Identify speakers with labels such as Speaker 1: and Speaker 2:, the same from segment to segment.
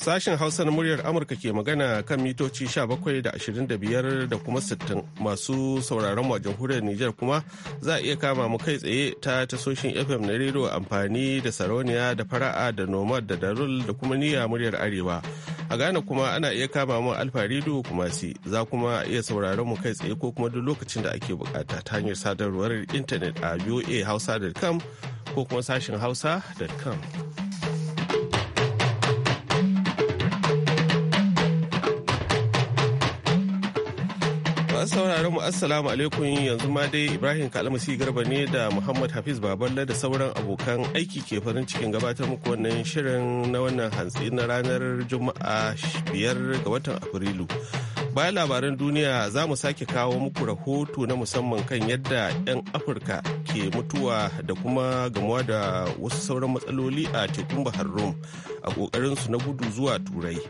Speaker 1: Sashen Hausa na muryar Amurka ke magana kan mitoci 17 da 25 da kuma 60 masu sauraron mu a jamhuriyar Nijar kuma za a iya kama mu kai tsaye ta tasoshin FM na rero amfani da sarauniya da fara'a da nomad da darul da kuma niyya muryar Arewa. A Ghana kuma ana iya kama mu Alfa Rido kuma si za kuma iya sauraron mu kai tsaye ko kuma duk lokacin da ake bukata ta hanyar sadarwar intanet a voahausa.com ko kuma sashen hausa.com. Masu sauraron mu assalamu alaikum yanzu ma dai Ibrahim Kalmasi Garba ne da Muhammad Hafiz Baballe da sauran abokan aiki ke farin cikin gabatar muku wannan shirin na wannan hantsi na ranar Juma'a biyar ga watan Afrilu. Bayan labaran duniya za mu sake kawo muku rahoto na musamman kan yadda 'yan Afirka ke mutuwa da kuma gamuwa da wasu sauran matsaloli a tekun Bahar Rum a su na gudu zuwa Turai.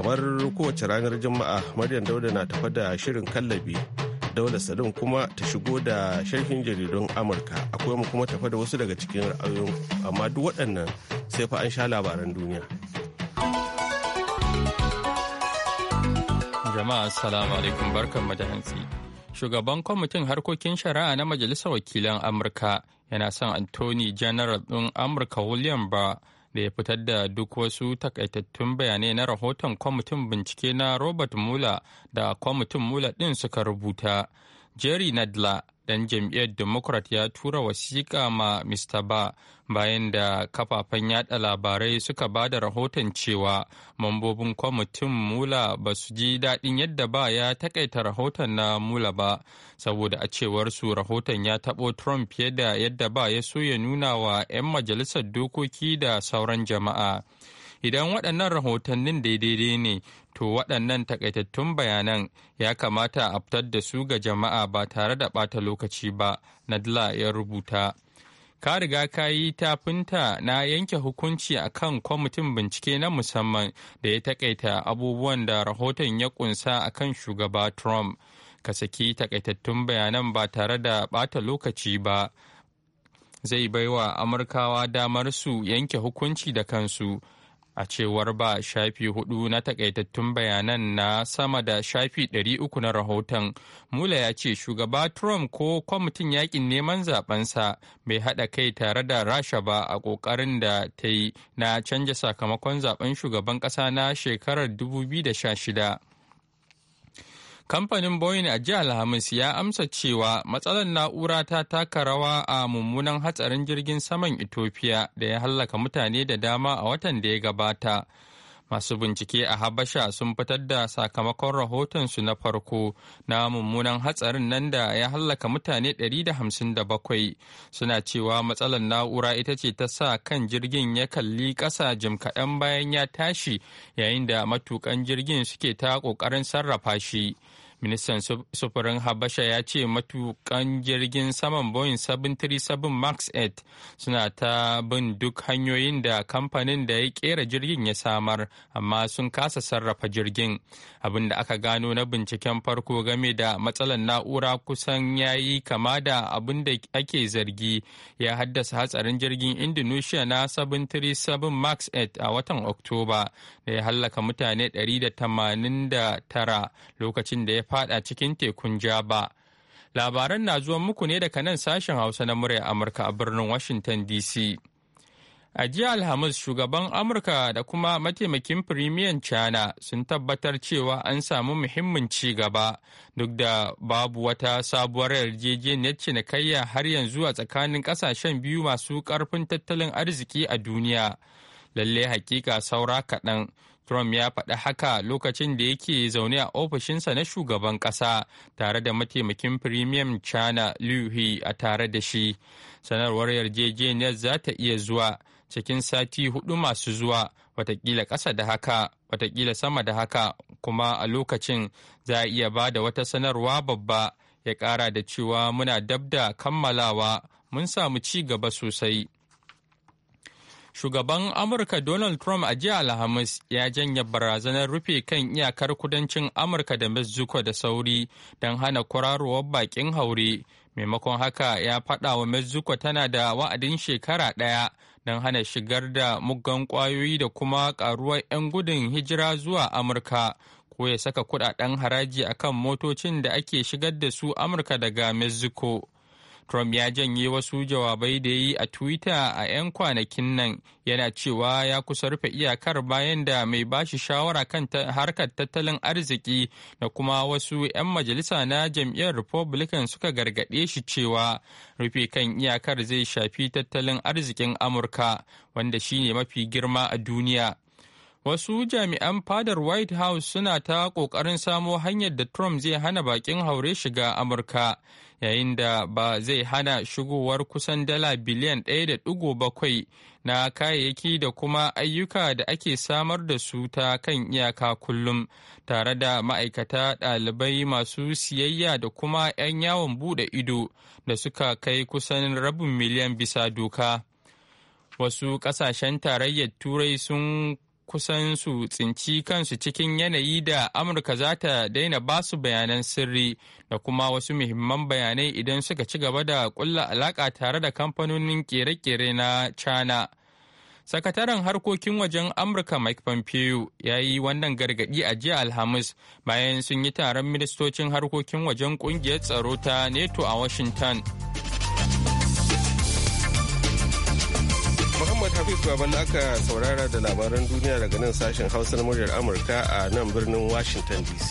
Speaker 1: kamar kowace ranar juma'a maryam dauda na tafa da shirin kallabi daula salim kuma ta shigo da sharhin jaridun amurka akwai mu kuma tafa da wasu daga cikin ra'ayoyin amma duk waɗannan sai fa an sha labaran
Speaker 2: duniya jama'a assalamu alaikum barkan da hantsi shugaban kwamitin harkokin shari'a na majalisar wakilan amurka yana son anthony general ɗin amurka william ba. da ya fitar da duk wasu takaitattun bayanai na rahoton kwamitin bincike na robert mueller da kwamitin mueller din suka rubuta jerry nadler dan jam'iyyar democrat ya tura wasiƙa ma mr ba bayan da kafafen yada labarai suka ba da rahoton cewa mambobin kwamitin mula ba su ji daɗin yadda ba ya takaita rahoton na mula ba saboda a cewarsu rahoton ya taɓo trump fiye da yadda ba ya so ya nuna wa 'yan majalisar dokoki da sauran jama'a. idan waɗannan rahotannin daidai ne to waɗannan takaitattun bayanan ya kamata a fitar da su ga jama'a ba tare da ɓata lokaci ba nadla ya rubuta ka riga ka yi tafinta na yanke hukunci a kan kwamitin bincike na musamman da ya takaita abubuwan da rahoton ya kunsa a kan shugaba trump ka saki takaitattun bayanan ba tare da ɓata lokaci ba zai baiwa amurkawa damar su yanke hukunci da kansu a cewar ba shafi hudu na takaitattun bayanan na sama da shafi uku na rahoton mula ya ce shugaba trump ko kwamitin yakin neman zabensa bai haɗa kai tare da rasha ba a ƙoƙarin da ta yi na canja sakamakon zaben shugaban ƙasa na shekarar 2016 Kamfanin Boeing a jiya Alhamis ya amsa cewa matsalar na'ura ta taka rawa a mummunan hatsarin jirgin saman Ethiopia da ya hallaka mutane da dama a watan da ya gabata. Masu bincike a Habasha sun fitar da sakamakon rahotonsu na farko na mummunan hatsarin nan da ya hallaka mutane 157 suna cewa matsalar na'ura ita ce ta sa kan jirgin ya kalli ƙasa jim kaɗan bayan ya tashi yayin da matukan jirgin suke ta ƙoƙarin sarrafa shi. Ministan sufurin Habasha ya ce matukan jirgin saman Boeing 737 Max 8 suna ta bin duk hanyoyin da kamfanin da ya kera jirgin ya samar, amma sun kasa sarrafa jirgin. Abin da aka gano na binciken farko game da matsalar na'ura kusan ya yi kama da abin da ake zargi ya haddasa hatsarin jirgin Indonesia na 737 Max 8 a watan Oktoba da ya hallaka mutane 189 lokacin da ya fada cikin tekun Jaba. Labaran na zuwa muku ne daga nan sashen Hausa na murya Amurka a birnin Washington DC. A jiya Alhamis shugaban Amurka da kuma mataimakin firimiyan China sun tabbatar cewa an samu muhimmin ci gaba duk da babu wata sabuwar yarjejeniyar cinikayya har yanzu a tsakanin kasashen biyu masu karfin tattalin arziki a duniya. Lalle hakika saura kaɗan Trump ya faɗi haka lokacin da yake zaune a ofishinsa na shugaban ƙasa tare da mataimakin Premium China Liu He a tare da shi. Sanarwar yarjejeniyar za ta iya zuwa cikin sati hudu masu zuwa watakila ƙasa da haka watakila sama da haka kuma a lokacin za a iya ba da wata sanarwa babba ya ƙara da cewa muna dab da kammalawa mun samu ci gaba sosai. Shugaban Amurka Donald Trump a jiya Alhamis ya janye barazanar rufe kan iyakar kudancin Amurka da Mexico da sauri don hana kwararowar bakin haure. Maimakon haka ya fada wa Mexico tana da wa'adin shekara daya don hana shigar da muggan kwayoyi da kuma karuwar 'yan gudun hijira zuwa Amurka. ko ya saka kudaden haraji akan motocin da ake shigar da su Amurka daga Mexico. Trump ya janye wasu jawabai da yi a Twitter a 'yan kwanakin nan yana cewa ya kusa rufe iyakar bayan da mai bashi shawara kan harkar tattalin arziki da kuma wasu 'yan majalisa na jam'iyyar Republican suka gargaɗe shi cewa rufe kan iyakar zai shafi tattalin arzikin Amurka wanda shine mafi girma a duniya. Wasu jami'an fadar White House suna ta kokarin samo hanyar da Trump zai hana bakin haure shiga Amurka, yayin da ba zai hana shigowar kusan dala biliyan ɗaya da 1.7 na kayayyaki da kuma ayyuka da ake samar da su ta kan iyaka kullum, tare da ma'aikata ɗalibai masu siyayya da kuma 'yan yawon buɗe ido da suka kai kusan rabin miliyan bisa doka. Wasu ƙasashen tarayyar Turai sun kusan su tsinci kansu cikin yanayi da amurka za ta daina basu bayanan sirri da kuma wasu muhimman bayanai idan suka ci gaba da kulla alaka tare da kamfanonin kere-kere na china sakataren harkokin wajen amurka mike pompeo ya yi wannan gargaɗi a jiya alhamis bayan sun yi taron ministocin harkokin wajen ƙungiyar tsaro ta neto a washington
Speaker 1: Muhammad Hafiz Babalu aka saurara da labaran duniya daga nan sashen Hausa na muryar Amurka a nan birnin Washington DC.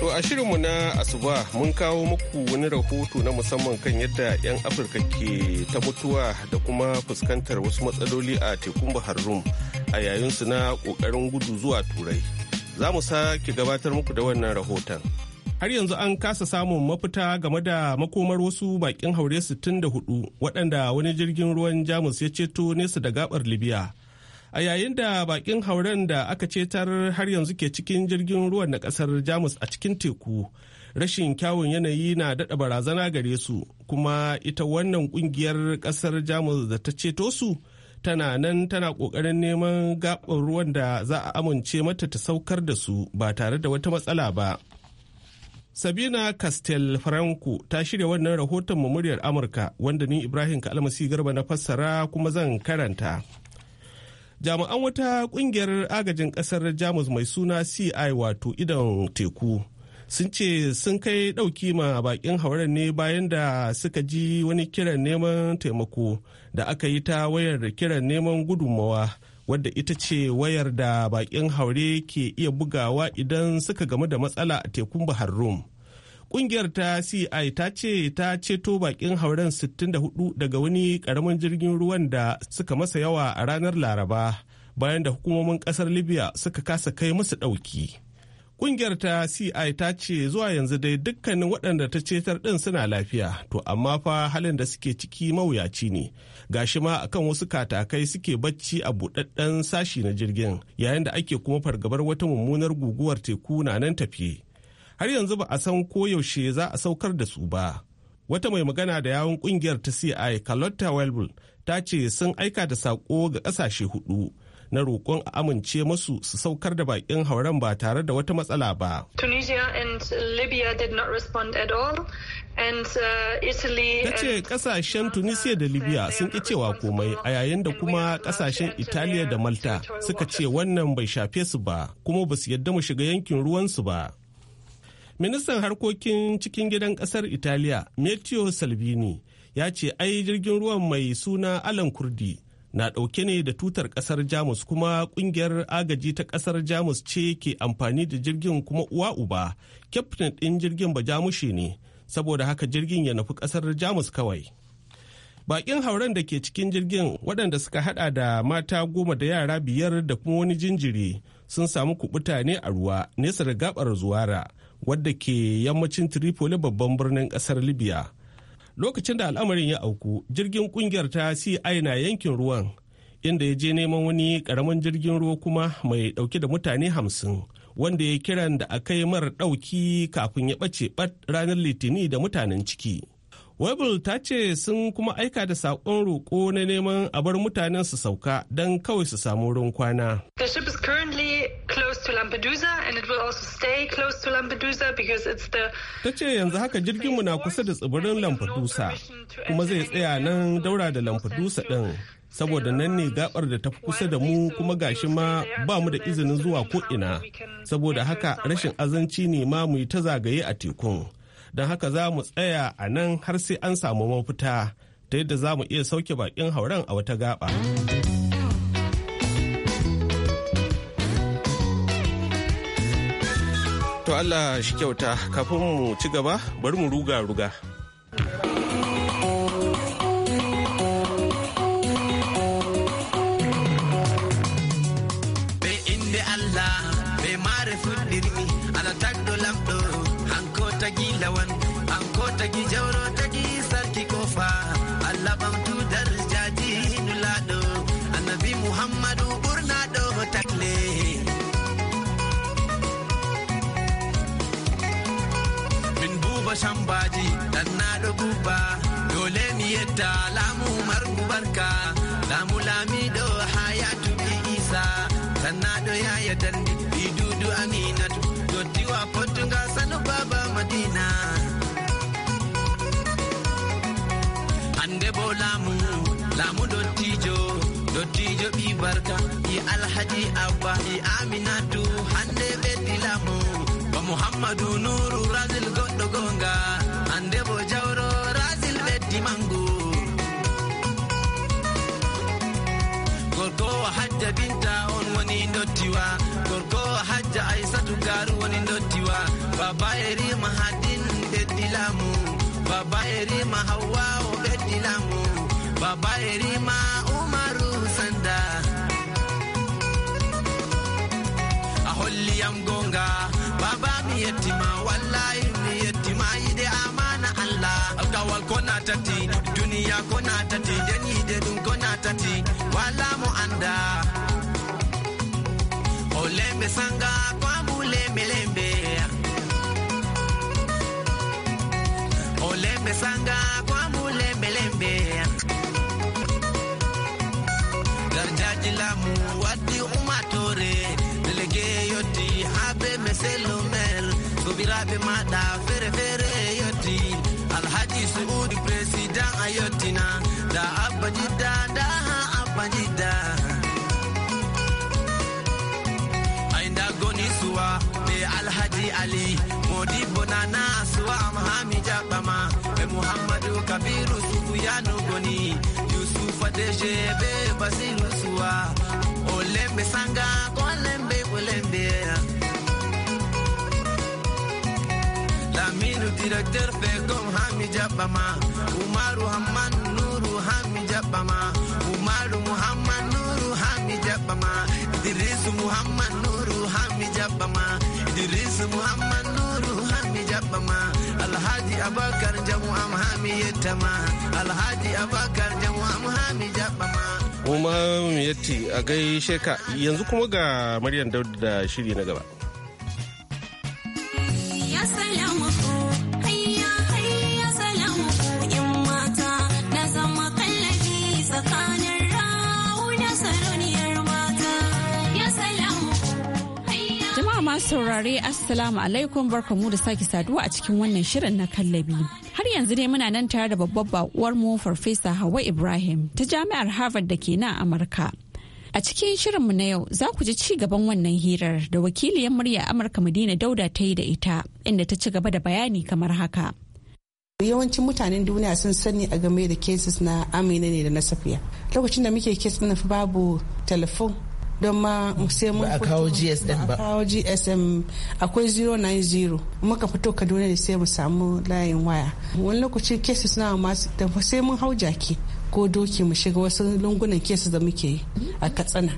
Speaker 1: To a shirinmu na asuba mun kawo muku wani rahoto na musamman kan yadda 'yan Afirka ke ta mutuwa da kuma fuskantar wasu matsaloli a tekun Bahar Rum a yayinsu na ƙoƙarin gudu zuwa Turai. Za mu sake gabatar muku da wannan rahoton. har yanzu an kasa samun mafita game da makomar wasu bakin haure 64 waɗanda wani jirgin ruwan jamus ya ceto nesa da gabar libya a yayin da bakin hauren da aka cetar har yanzu ke cikin jirgin ruwan na ƙasar jamus a cikin teku rashin kyawun yanayi na daɗa barazana gare su kuma ita wannan ƙungiyar ƙasar jamus da ta ceto su tana nan tana ƙoƙarin neman gaɓar ruwan da za a amince mata ta saukar da su ba tare da wata matsala ba. Sabina Castelfranco ta shirya wannan rahoton muryar Amurka wanda ni Ibrahim Kalmasi Garba na fassara kuma zan karanta. Jami'an wata kungiyar agajin kasar Jamus mai suna CI wato idon teku sun ce sun kai ɗauki ma bakin hauren ne bayan da suka ji wani kiran neman taimako da aka yi ta wayar da kiran neman gudunmawa wadda ita ce wayar da bakin haure ke iya bugawa idan suka gamu da matsala a tekun bahar rum kungiyar ta ci ta ce ta ceto bakin hauren 64 daga wani karamin jirgin ruwan da suka masa yawa a ranar laraba bayan da hukumomin kasar libya suka kasa kai musu dauki kungiyar ta ci ta ce zuwa yanzu dai dukkanin waɗanda ta cetar ɗin suna lafiya to amma fa halin da suke ciki mawuyaci ne gashi ma akan wasu katakai suke bacci a buɗaɗɗen sashi na jirgin yayin da ake kuma fargabar wata mummunar guguwar teku na nan tafi har yanzu ba a san ko yaushe za a saukar da su ba wata mai magana da yawun kungiyar ta ci carlotta welbul ta ce sun aika da sako ga ƙasashe hudu na rokon a amince masu su saukar da bakin hauren ba tare da wata matsala ba.
Speaker 3: Tunisia and Libya did respond at all. Uh, Ta
Speaker 1: ce kasashen Tunisia da Libya sun ƙi cewa komai a yayin da kuma kasashen Italiya da Malta suka ce wannan bai shafe su ba kuma ba su yadda mu shiga yankin ruwansu ba. Ministan harkokin cikin gidan kasar Italiya, Matteo Salvini, ya ce ai jirgin ruwan mai suna Alan Kurdi na ɗauke ne da tutar ƙasar jamus kuma ƙungiyar agaji ta ƙasar jamus ce ke amfani da jirgin kuma uwa uba kyaftin ɗin jirgin ba jamushe ne saboda haka jirgin ya nufi ƙasar jamus kawai bakin hauren da ke cikin jirgin waɗanda suka hada da mata goma da yara biyar da kuma wani jinjiri sun samu kubuta ne a ruwa nesa da gabar zuwara wadda ke yammacin tripoli babban birnin ƙasar libya lokacin da al'amarin ya auku jirgin kungiyar ta ci na yankin ruwan inda ya je neman wani karamin jirgin ruwa kuma mai dauke da mutane hamsin wanda ya kiran da aka yi mara dauki kafin ya ɓace bat ranar litini da mutanen ciki Webul ta ce sun kuma aika da saƙon roƙo na neman a bar mutanen su sauka don kawai su samu ruwan kwana.
Speaker 4: The ship is currently close to Lampedusa and it will also stay close to Lampedusa because it's the
Speaker 1: Ta ce yanzu haka jirgin mu na kusa da tsibirin Lampedusa kuma zai tsaya nan daura da Lampedusa din saboda nan ne gabar da tafi kusa da mu kuma gashi ma ba mu da izinin zuwa ko ina saboda haka rashin azanci ne ma mu yi ta zagaye a tekun. don haka za mu tsaya a nan har sai an samu mafita ta yadda za mu iya sauke bakin hauren a wata gaba. To Allah shi kyauta kafin mu ci gaba bari mu ruga ruga.
Speaker 3: shan baji dan na da guba dole ni yadda lamu marku barka lamu lami do hayatu bi isa sanna do yaya dan bidudu aminatu dottiwa potunga sanu baba madina ande bolamu, lamu lamu dottijo dottijo bi barka i alhaji abba i aminatu hande beti lamu, ba muhammadu nuru razil ɗo gonga hande jawro rasil ɓeddi mangu hajja binta on woni dottiwa hajja garu woni dottiwa baba lamu baba o lamu baba umaru sanda a holliyam gonga mesanga kwa bulembelembe olembesanga kwa bulembelembe darjaji lamu waddi umatore delege yotti habe meselo mel sobiraɓe mada fere fere yoti, alhaji suudi président a yottina da abba jidda da ha abba ali modibo Bonana, suwa amhami jaɓɓama e muhammadu kabiru sufuyanu goni yusufa deje be basilu suwa Olembe, lembe sanga Olembe, lembe ko lembe laminu directeur fe hami jaɓɓama umaru Haman, nuru hami jaɓɓama su muhammad nuru hami jabama alhaji abakar jamu am hami yattama alhaji abakar jamu am jabama
Speaker 1: Umar Yatti a gaishe ka yanzu kuma ga Maryam daud da shiri na gaba.
Speaker 5: saurare Assalamu alaikum barkamu da sake saduwa a cikin wannan shirin na kallabi. Har yanzu ne muna nan tare da babbar bakuwar mu Farfesa Hawa Ibrahim ta Jami'ar Harvard da ke nan Amurka. A cikin shirin mu na yau za ku ji ci gaban wannan hirar da wakiliyar murya Amurka Madina Dauda ta yi da ita inda ta ci gaba da bayani kamar haka.
Speaker 4: yawancin mutanen duniya sun sani a game da cases na amina ne da na safiya lokacin da muke kes na babu telefon don ma sai mun a kawo gsm ba a kawo gsm akwai 090 muka fito kaduna ne sai mu samu layin waya wani lokaci kesi suna masu sai mun hau jaki ko doki mu shiga wasu lungunan kesi da muke yi a katsina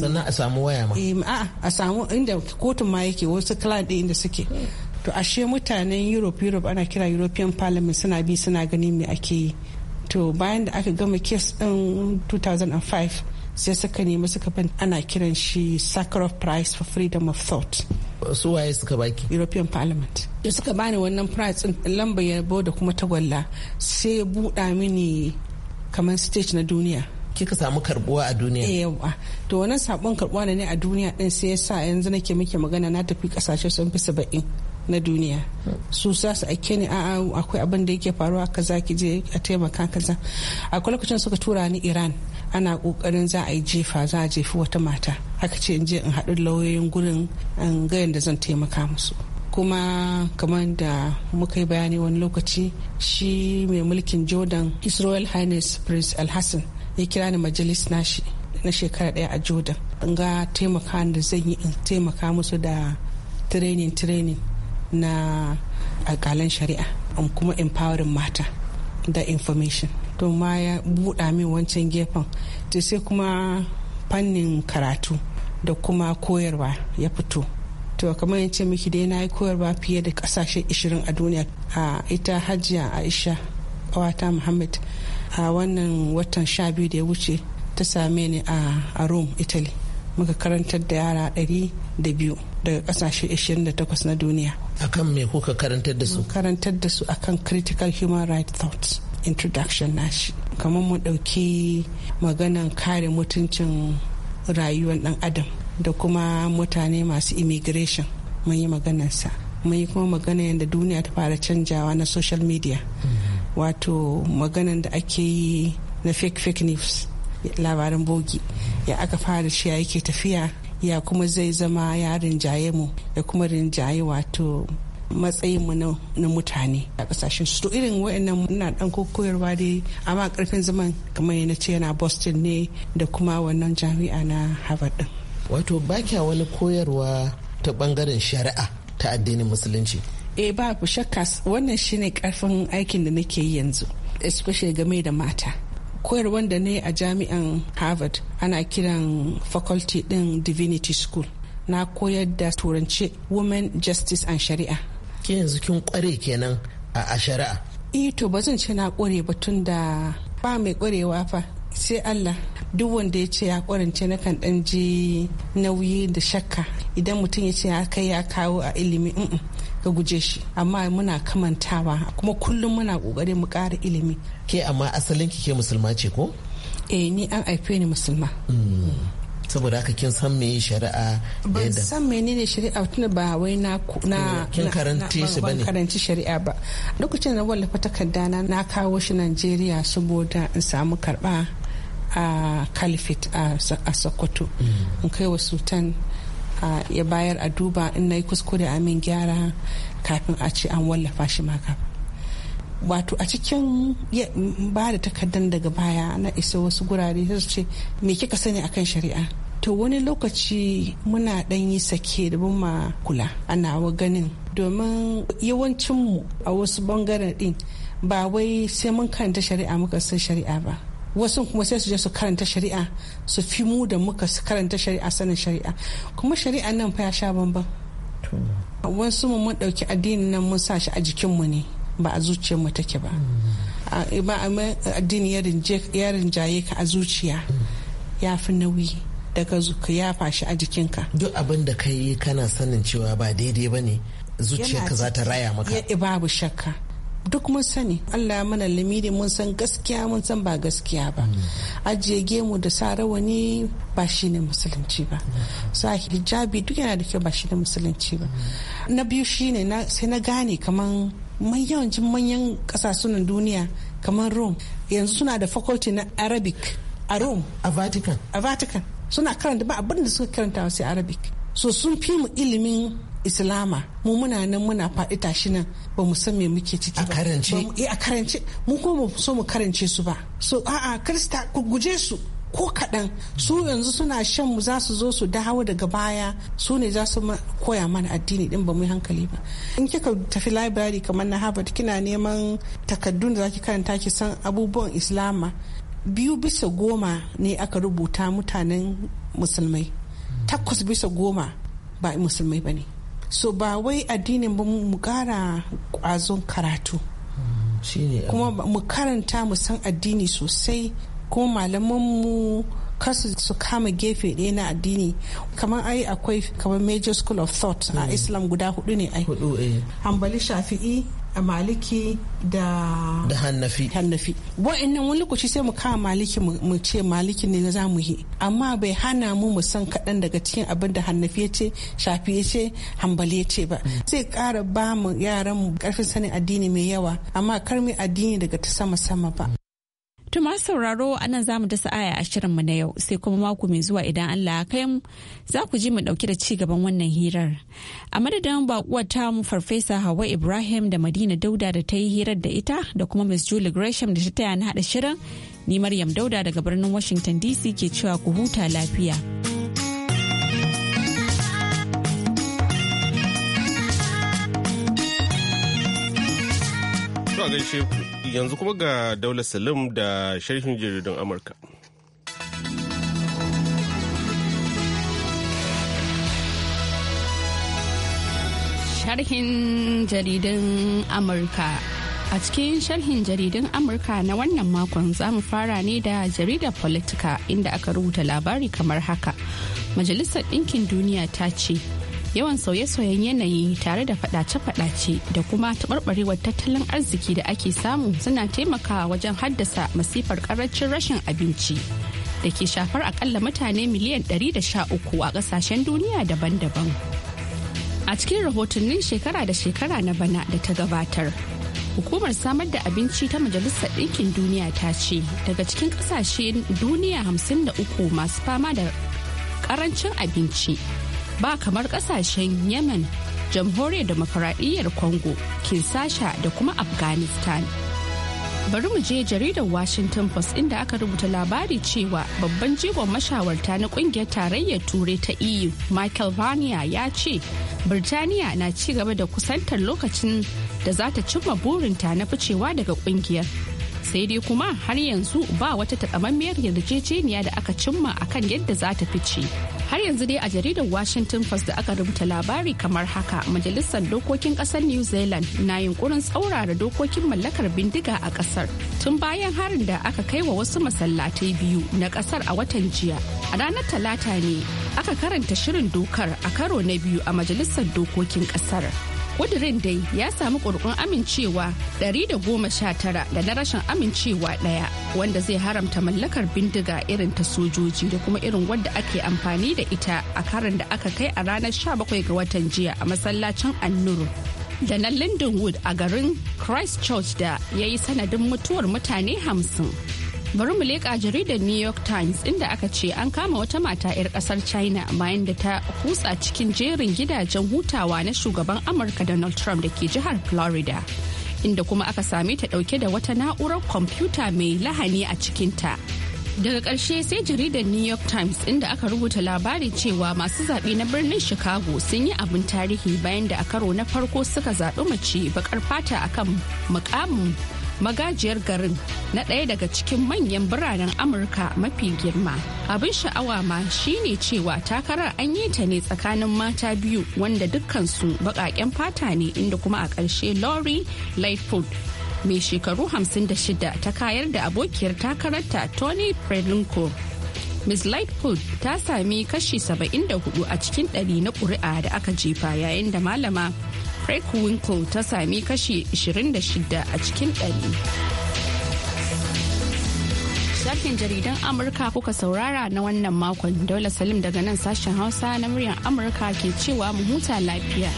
Speaker 4: sannan
Speaker 6: a samu waya ma
Speaker 4: eh, a a samu inda kotun ma yake wasu clan inda suke to ashe mutanen europe europe ana kira european parliament suna bi suna gani me ake yi to bayan da aka gama kes ɗin 2005 sai suka nemi suka ban ana kiran shi of price for freedom of thought su waye suka baki european parliament da suka bani wannan prize din lamba yabo da kuma tagwalla sai buɗa mini kamar stage na duniya kika samu karbuwa
Speaker 3: a duniya eh yawa
Speaker 4: to wannan sabon karbuwa ne a duniya din sai yasa yanzu nake muke magana na tafi kasashe sun fi saba'in na duniya su sa su ake ni a'a akwai abin da yake faruwa kaza ki je a taimaka kaza akwai lokacin suka tura ni iran ana kokarin za a yi jefa za a jefi wata mata aka ce in je in haɗu lauyoyin gurin in ga yadda zan taimaka musu kuma kamar da muka yi bayani wani lokaci shi mai mulkin jordan israel highness prince alhassan ya kira ni majalis nashi na shekara ɗaya a jordan in ga taimaka da zan yi in taimaka musu da training training na alkalan shari'a kuma empowering mata da information to ma ya buɗa min wancan gefen to sai kuma fannin karatu da kuma koyarwa ya fito to kamar yance miki dai na yi koyarwa fiye da kasashe 20 a duniya a ita hajiya aisha kawata muhammad a wannan watan sha biyu da ya wuce ta same ni a rome italy muka karantar da yara ɗari da biyu daga kasashe 28 na duniya akan me kuka karantar da su karantar da su akan critical human rights thoughts introduction nashi kamar mu ɗauki maganan kare mutuncin rayuwar ɗan adam da kuma mutane masu immigration mun yi maganarsa mun yi kuma magana yadda duniya ta fara canjawa na social media mm-hmm. wato maganan da ake yi na fake fake news labaran bogi ya aka fara shi yake tafiya ya kuma zai zama ya rinjaye mu ya kuma rinjaye wato matsayin mu na mutane a kasashen su to irin wa'annan muna dan koyarwa dai amma karfin zaman kamar yana ce yana Boston ne da kuma wannan jami'a na Harvard din
Speaker 3: wato ba kya wani koyarwa ta bangaren shari'a
Speaker 4: ta addinin musulunci eh ba ku shakka wannan shine karfin aikin da nake yi yanzu especially game da mata koyarwan da ne a jami'an harvard ana kiran faculty din divinity school na koyar da turance women justice and shari'a ke yanzu kin kware kenan a shari'a eh to ba zan ce na kware ba tun da ba mai kwarewa fa sai Allah duk wanda ya ce ya kwarance na kan dan ji nauyi da shakka idan mutum ya ce ya kai ya kawo a ilimi ka guje shi amma muna kamantawa kuma kullum muna kokari mu ƙara ilimi ke amma asalin ki ke musulma ce ko eh ni an haife ni musulma
Speaker 3: mm. saboda haka kin san me shari'a ban san
Speaker 4: menene shari'a tun ba wai na eh, na kin karanci shi bane karanta shari'a ba lokacin da wallafa takarda na na kawo shi Najeriya saboda in samu karba a Kalifit a Sokoto mm. in kai wa sultan ya bayar a duba in na yi kuskure a min gyara kafin a ce an wallafa shi ma wato a cikin ba da takardar daga baya na isa wasu gurare su ce me kika sani akan shari'a to wani lokaci muna ɗan yi sake da ma kula ana wa ganin domin yawancinmu a wasu bangaren ɗin ba wai sai mun karanta shari'a muka san shari'a ba wasu kuma sai su je su karanta shari'a su fi mu da muka karanta shari'a sanin shari'a kuma shari'a nan fa ya sha bamban wasu mu mun ɗauki addinin nan mun sa shi a jikinmu ne ba a zuciyar mu take ba addini ya rinjaye ka a zuciya ya fi nauyi daga zuka ya fashi a jikinka duk abin da ka yi kana sanin cewa ba daidai
Speaker 3: ba ne zuciyarka za ta raya maka ya
Speaker 4: babu shakka duk mun sani allah mana limiri mun san gaskiya mun san ba gaskiya ba ajiye gemu da sa rawani ba shi ne musulunci ba sa hijabi duk yana da kyau ba shi ne musulunci ba na biyu shine sai na gane kaman mai yawancin manyan kasashen duniya kamar rome yanzu suna da faculty na arabic a rome a vatican a vatican suna karanta ba abin da suka karanta wasu arabic so sun fi mu ilimin islama mu muna nan muna faɗi tashi nan ba mu san me muke ciki ba a karance eh, a karance mu mu so mu karance su ba so a'a krista ku guje su ko kaɗan su yanzu suna shan mu za su zo su dawo daga baya su ne za su koya mana addini din ba mu hankali ba in kika tafi library kamar na harvard kina neman takaddun da zaki karanta ki san abubuwan islama biyu bisa goma ne aka rubuta mutanen musulmai takwas bisa goma ba musulmai ba ne so ba wai addinin ba mu kara kwazon karatu hmm, kuma mu karanta mu san addini sosai ko mu kasu su kama gefe ɗaya na addini kamar ai akwai kamar major school of thought a mm. islam guda hudu ne ai eh. hambali shafi'i a maliki da da hannafi hannafi wa'annan wani lokaci sai mu kama maliki mu ce maliki ne na zamu yi amma bai hana mu mu san kaɗan daga cikin abin da hannafi ya ce shafi ya ce hambali ya ce ba sai mm. ƙara ba mu yaran mu ƙarfin sanin addini mai yawa amma karmi addini daga ta sama sama ba
Speaker 5: To masu sauraro anan za mu dasa aya a shirin mu na yau sai kuma mako mai zuwa idan Allah ya kai mu za ku ji mu dauki da ci gaban wannan hirar. A madadin bakuwar ta mu farfesa Hawa Ibrahim da Madina Dauda da ta yi hirar da ita da kuma Miss Julie Gresham da ta taya na hada shirin ni Maryam Dauda daga birnin Washington DC ke cewa ku huta lafiya.
Speaker 1: gaishe yanzu kuma ga Daula Salim da sharhin jaridun Amurka.
Speaker 5: Sharhin jaridun Amurka. A cikin sharhin jaridun Amurka na wannan makon za mu fara ne da jaridar Politika inda aka rubuta labari kamar haka. Majalisar Ɗinkin Duniya ta ce yawan sauye-sauyen yanayi tare da fadace-fadace da kuma taɓarɓarewar tattalin arziki da ake samu suna taimakawa wajen haddasa masifar ƙarancin rashin abinci da ke shafar akalla mutane miliyan 113 a ƙasashen duniya daban-daban. A cikin rahotannin shekara da shekara na bana da ta gabatar, hukumar samar da abinci ta majalisar ɗinkin duniya ta ce daga cikin ƙasashen duniya hamsin da uku masu fama da ƙarancin abinci ba kamar kasashen yemen jamhuriyar demokaradiyyar congo kinsasha da kuma afghanistan bari mu je jaridar washington post inda aka rubuta labari cewa babban jigon mashawarta na kungiyar tarayyar turai ta eu michael vania ya ce birtaniya na ci gaba da kusantar lokacin da za ta cimma burinta na ficewa daga kungiyar sai dai kuma har yanzu ba wata takamammiyar yarjejeniya da aka cimma akan yadda za ta fice har yanzu dai a jaridar washington post da aka rubuta labari kamar haka majalisar dokokin kasar new zealand na yunkurin tsaurara dokokin mallakar bindiga a kasar tun bayan harin da aka kai wa wasu masallatai biyu na kasar a watan jiya a ranar talata ne aka karanta shirin dokar a karo na biyu a majalisar dokokin kasar kudirin dai ya samu kurkun amincewa 119 da na rashin amincewa daya wanda zai haramta mallakar bindiga irin ta sojoji da kuma irin wadda ake amfani da ita a karin da aka kai a ranar 17 ga watan jiya a masallacin annuru da na lindenwood a garin christchurch da ya yi sanadin mutuwar mutane 50. bari mu leƙa jaridar new york times inda aka ce an kama wata mata 'yar kasar china bayan da ta kutsa cikin jerin gidajen hutawa na shugaban amurka donald trump da ke jihar florida inda kuma aka same ta dauke da wata na'urar kwamfuta mai lahani a cikinta daga ƙarshe sai jaridar new york times inda aka rubuta labari cewa masu zaɓe na birnin chicago sun yi abin tarihi bayan da a karo na farko suka zaɓi mace baƙar fata akan mukamin magajiyar garin na ɗaya daga cikin manyan biranen amurka mafi girma abin sha'awa ma shine cewa takarar an yi ta ne tsakanin mata biyu wanda dukkansu baƙaƙen fata ne inda kuma a ƙarshe lori lightfoot mai shekaru 56 ta kayar da abokiyar takararta tony prelinko Ms. Lightfoot ta sami kashi 74 a cikin ɗari na ƙuri'a da aka jefa yayin da malama Winkle ta sami kashi 26 a cikin ɗari. Sharhin jaridan Amurka kuka saurara na wannan makon Daula Salim daga nan sashen Hausa na muryar Amurka ke cewa mu huta lafiya.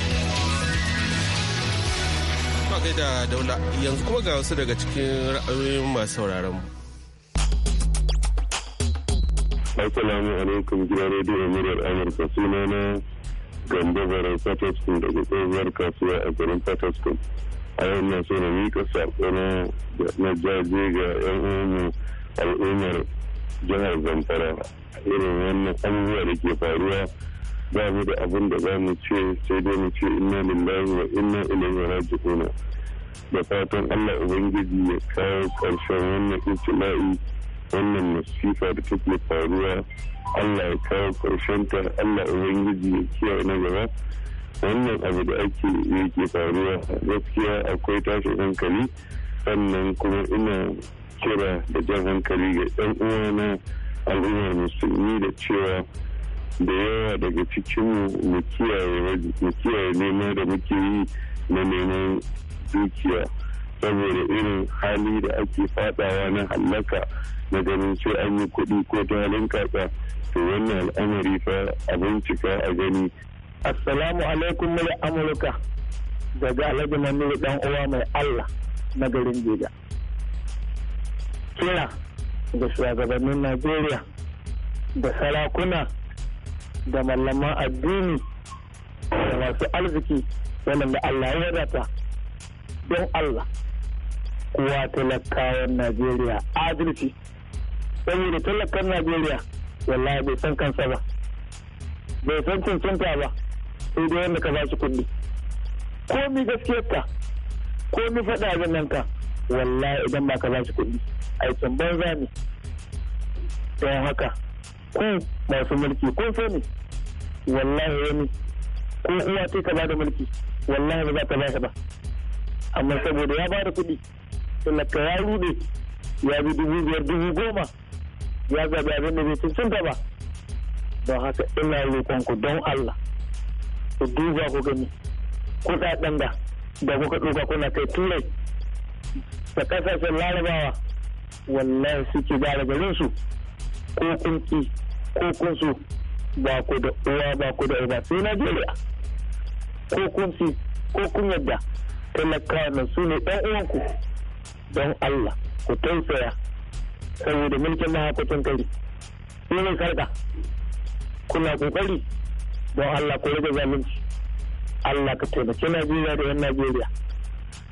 Speaker 1: da daula yanzu kuma ga wasu daga cikin
Speaker 7: ra'ayoyin masu sauraron mu. Assalamu alaikum gidan rediyo muryar Amurka sunana gambo garin fataskun da tsohuwar kasuwa a garin fataskun a yau na so na mika sako na jaje ga yan umu al'ummar jihar zamfara irin wannan abubuwa da ke faruwa ba mu da abin da za mu ce sai dai mu ce inna lillahi wa inna ilaihi raji'una da fatan Allah ubangiji ya kawo ƙarshen wannan itila'i. wannan masifa da take faruwa allah ya kawo ta allah ubangiji ya kiyaye na gaba wannan abu da ake yake faruwa gaskiya akwai tashin hankali sannan kuma ina kira da jan hankali ga ɗan uwana al'ummar musulmi da cewa da yawa daga cikinmu mu kiyaye nema da muke yi na neman dukiya saboda irin hali da ake fadawa na hallaka na ganin sai an yi kuɗi ko ta halin kaka to wannan al'amari fa a bincika a gani.
Speaker 8: Assalamu alaikum mai Amurka daga Alhaji Maniru dan uwa mai Allah na garin Jega. Kira da shugabannin Najeriya da sarakuna da mallaman addini da masu arziki da Allah ya rata don Allah kuwa talakawan Najeriya adalci. saboda talakan najeriya wallahi bai san kansa ba bai san cancanta ba sai dai wanda ka ba shi kuɗi ko mi gaskiyar ka ko mi faɗa abin nan ka wallahi idan ba ka ba shi kuɗi tambayar banza ne don haka ko masu mulki kun sani wallahi wani ko iya ce ka ba da mulki wallahi ba za ta ba shi ba amma saboda ya ba da kuɗi talaka ya rude ya bi dubu biyar dubu goma ya zaɓi abin da zai cancanta ba don haka ina roƙon ku don Allah ku duba ku gani kuɗaɗen da da kuka ɗuka kuna kai turai da ƙasashen larabawa wallahi suke gara garin su ko kun ki ko kun su ba ku da uwa ba ku da uba sai Najeriya ko kun ci ko kun yadda talakawa na su ne ɗan uwanku don Allah ku tausaya saboda mulkin na hakucin ne karka kuna kokari don Allah ko rage zalunci Allah ka taimaki Najeriya da 'yan Najeriya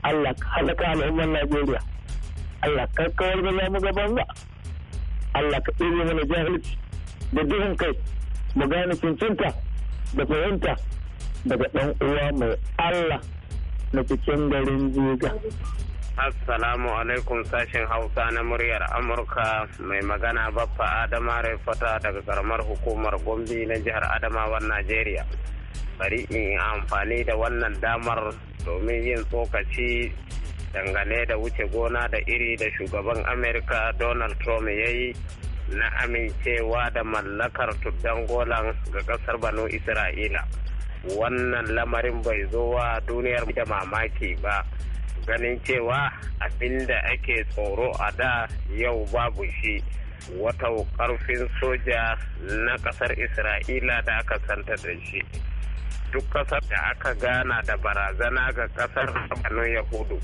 Speaker 8: Allah ka halaka al'ummar Najeriya Allah ka kawar da zamu gaban ba Allah ka ɗebe mana jahilci da duhun kai mu gane cincinta da fahimta daga ɗan uwa mai Allah na cikin garin jiga.
Speaker 6: Assalamu alaikum sashen Hausa na muryar Amurka mai magana Baffa Adama Raifata daga karamar hukumar Gombe na jihar adamawa Najeriya. Bari in amfani da wannan damar domin yin tsokaci dangane da wuce gona da iri da shugaban Amerika Donald Trump ya yi na amincewa da mallakar tuddan golan ga kasar bano Isra'ila. Wannan lamarin bai zo wa duniyar da mamaki ba. ganin cewa abinda ake tsoro a da yau babu shi wata karfin soja na kasar isra'ila da aka santa da shi duk kasar da aka gana da barazana ga kasar kanon yahudu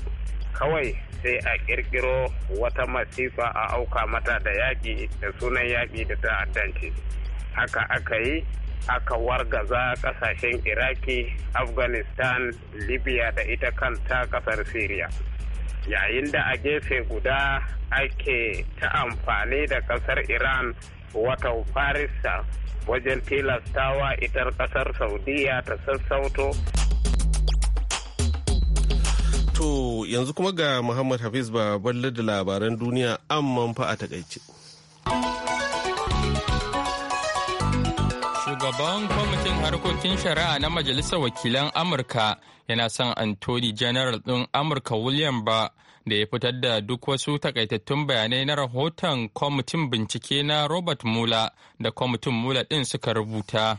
Speaker 6: kawai sai a kirkiro wata masifa a auka mata da yaƙi da sunan yaƙi da ta'addanci haka aka yi aka wargaza kasashen iraki afghanistan libya da ita kanta kasar syria yayin da a gefe guda ake ta amfani da kasar iran wata farisa wajen tilastawa itar kasar saudiya ta sassauto
Speaker 1: to yanzu kuma ga muhammad hafiz baballe da
Speaker 2: labaran duniya amman fa a takaice. Babban kwamitin harkokin shari'a na Majalisar Wakilan Amurka yana son Anthony General ɗin Amurka William ba da ya fitar da duk wasu takaitattun bayanai na rahoton kwamitin bincike na Robert Mula da kwamitin Mula ɗin suka rubuta.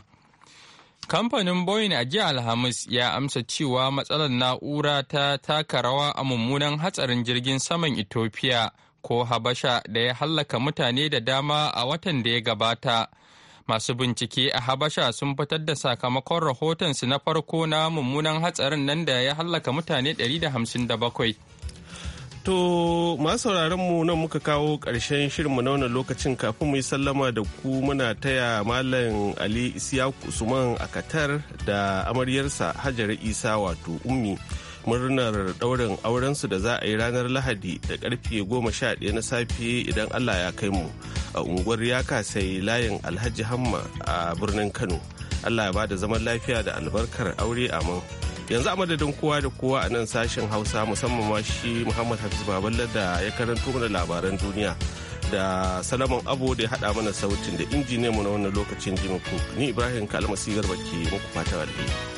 Speaker 2: Kamfanin Boeing a jiya Alhamis ya amsa cewa matsalar na'ura ta taka rawa a mummunan hatsarin jirgin saman Ethiopia ko Habasha da ya hallaka mutane da dama a watan da ya gabata. Masu bincike a Habasha sun fitar da sakamakon rahotonsu na farko na mummunan hatsarin nan da ya hallaka mutane 157.
Speaker 1: To masu mu nan muka kawo ƙarshen shirinmu na wannan lokacin kafin mu yi sallama da ku muna taya Malam Ali Isiyaku Usman a Katar da amaryarsa Hajar Isa wato Ummi. murnar ɗaurin aurensu da za a yi ranar lahadi da karfe 11 na safe idan allah ya kai mu a unguwar yaka sai layin alhaji hamma a birnin kano allah ya bada zaman lafiya da albarkar aure amin yanzu a madadin kowa da kowa a nan sashen hausa musamman ma shi muhammad hafiz baballa da ya karanto mana labaran duniya da salaman abu da ya haɗa mana sautin da injiniyanmu na wannan lokacin jimi ni ibrahim kalmasi garba ke muku fata alheri